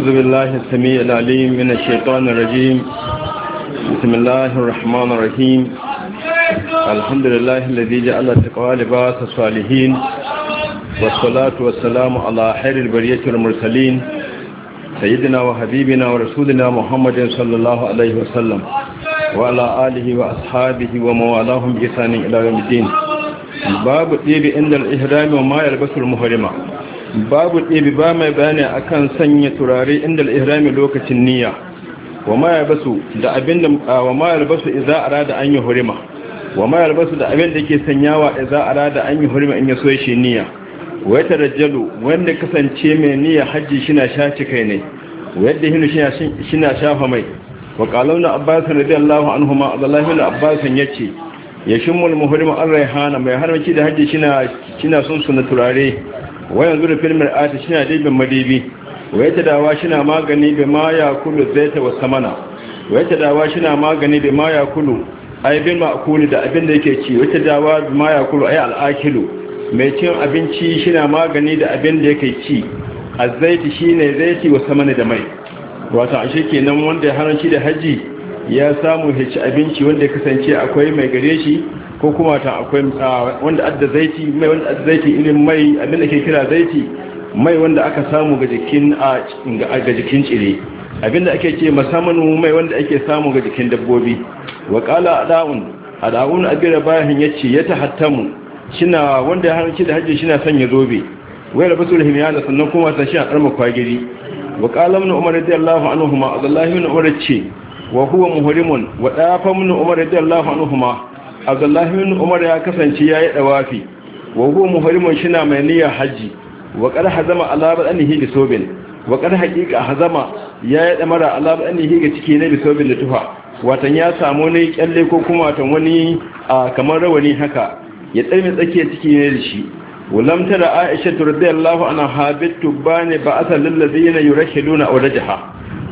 أعوذ بالله السميع العليم من الشيطان الرجيم بسم الله الرحمن الرحيم الحمد لله الذي جعل التقوى لباس الصالحين والصلاة والسلام على خير البرية والمرسلين سيدنا وحبيبنا ورسولنا محمد صلى الله عليه وسلم وعلى آله وأصحابه وموالاهم بإحسان إلى يوم الدين باب الطيب عند الإحرام وما يلبس المحرمة babu ɗebi ba mai bayani akan sanya turare inda al'ihrami lokacin niyya wa ma yalbasu da abinda wa ma yalbasu idza arada an yuhrima wa ma yalbasu da abin da yake sanyawa idza arada an yuhrima in yaso shi niyya wa yatarajjalu wanda kasance mai niyya haji shina shaci kai ne wa yadda hinu shina shafa mai wa qalawna abbas radiyallahu anhuma abdullahi ibn abbas yace yashimul muhrimu ar-rayhana mai harmaci da hajji shina shina sun suna turare wayan zuwa filmin ati shi na dibin madibi waya ta dawa shi na magani da ma ya kulu zai ta wasa mana waya ta dawa shi na magani da ma ya kulu aibin makuli da abin da yake ci waya ta dawa da ma ya kulu yi al'akilu mai cin abinci shi na magani da abin da yake ci a ta shi ne zaiti wasa mana da mai wata shi kenan wanda ya haranci da hajji ya samu hici abinci wanda ya kasance akwai mai gare shi ko kuma ta akwai wanda adda zaiti mai wanda adda zaiti irin mai abinda ke kira zaiti mai wanda aka samu ga jikin ga jikin cire abinda ake ce masamanu mai wanda ake samu ga jikin dabbobi wa qala adaun adaun abira bayan yace ya tahattamu shina wanda ya hanci da hajji shina ya zobe wai rabatul himyana sannan kuma ta shi a karma kwagiri wa qala ibn umar radiyallahu anhu ma abdullahi ibn umar ce wa huwa muhrimun wa dafa ibn umar radiyallahu anhu ma abdullahi bin umar ya kasance ya yi dawafi wa huwa muhrimun shina mai niyyar haji wa qad hazama ala badanihi bi sobin wa qad haqiqa hazama ya yi damara ala badanihi ga ciki ne bi sobin da tufa watan ya samu ne kyalle ko kuma watan wani kamar rawani haka ya tsarmi tsakiyar ciki ne da shi ولم ترى عائشة رضي الله عنها حابت تبان بعث للذين يرحلون أولادها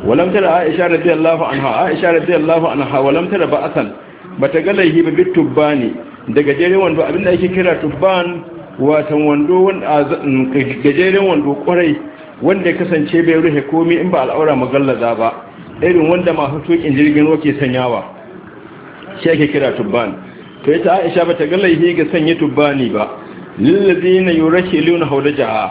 ولم ترى عائشة رضي الله عنها عائشة رضي الله عنها ولم ترى بعثا bata ga laihi ba bit tubbani daga jeren wando abinda ake kira tubban watan wando wanda gajeren wando kwarai wanda ya kasance bai rufe komai in ba al'aura magallaza ba irin wanda masu tukin jirgin ruwa ke sanyawa shi ake kira tubban to ita Aisha bata ga laihi ga sanya tubbani ba lillazina yurashiluna hawdajaha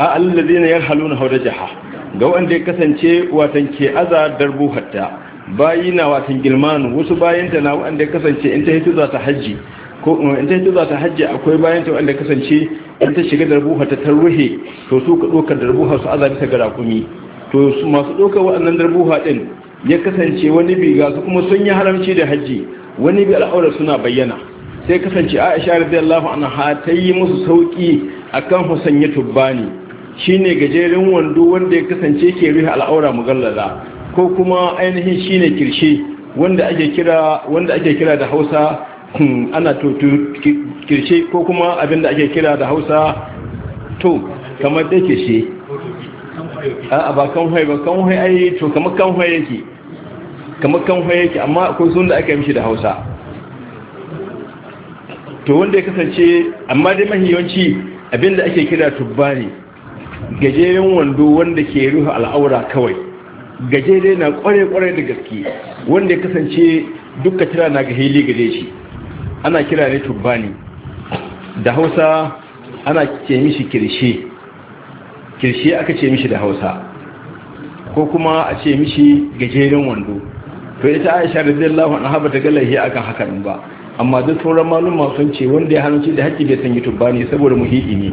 a allazina yarhaluna Jaha. ga wanda ya kasance watan ke aza darbu hatta bayi na watan gilmanu wasu bayanta na wanda kasance in ta hito za ta hajji ko eh, in ta hito za ta hajji akwai bayanta wanda kasance in ta shiga darbuha ta tarruhe to su ka dokar darbuha su azabi ta garakumi to su masu dokar waɗannan darbuha din ya kasance wani bi ga su kuma sun yi haramci da hajji wani bi al'aura suna bayyana sai kasance Aisha radiyallahu anha ta yi musu sauki akan Husayn ya tubbani shine gajeren wando wanda ya kasance ke ruhi al'aura mugallala ko kuma ainihin shine kirshe wanda ake kira wanda ake kira da Hausa hmm, ana to kirshe ko kuma abin da ake kira da Hausa to kamar da kirshe a ba kan hoye ba kan hoye ai to kamar kan hoye yake kamar kan hoye yake amma akwai sun da aka yi mishi da Hausa to wanda ya kasance amma dai abin abinda ake kira tubbani, gajeren wando wanda ke ruhu al'aura kawai Gaje dai na kware-kware da gaske wanda ya kasance duka kira na ga hili gare shi ana kira ne turbani da hausa ana ce mishi kirshe kirshe aka ce mishi da hausa ko kuma a ce mishi gajeren wando to ita aisha radiyallahu anha ba ta ga lahi akan hakan ba amma duk sauran malum masu ce wanda ya halarci da haƙƙi bai sanya tubbani saboda muhiɗi ne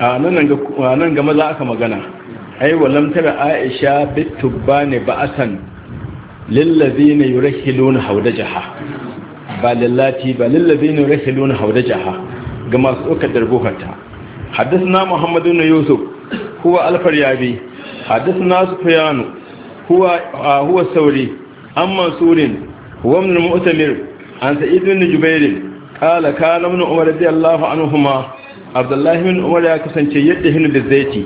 a nan gama za aka magana ai aisha bitubani ba'atan lillazina hawdajaha ba lillati ba hawdajaha ga masu ɗaukar darbukarta حدثنا محمد بن يوسف هو الفريابي حدثنا سفيان هو آه هو الثوري عن منصور هو mu'tamir an abdullahi bin umar ya kasance yadda hinu da zaiti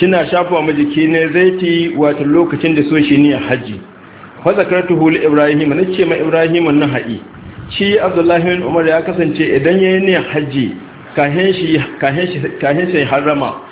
shina shafawa majiki ne zaiti wato lokacin da so shi ne haji fa zakartuhu li ibrahim ce ma ibrahim na ha'i shi abdullahi bin umar ya kasance idan yayi ne haji kahin shi kahin shi kahin shi harama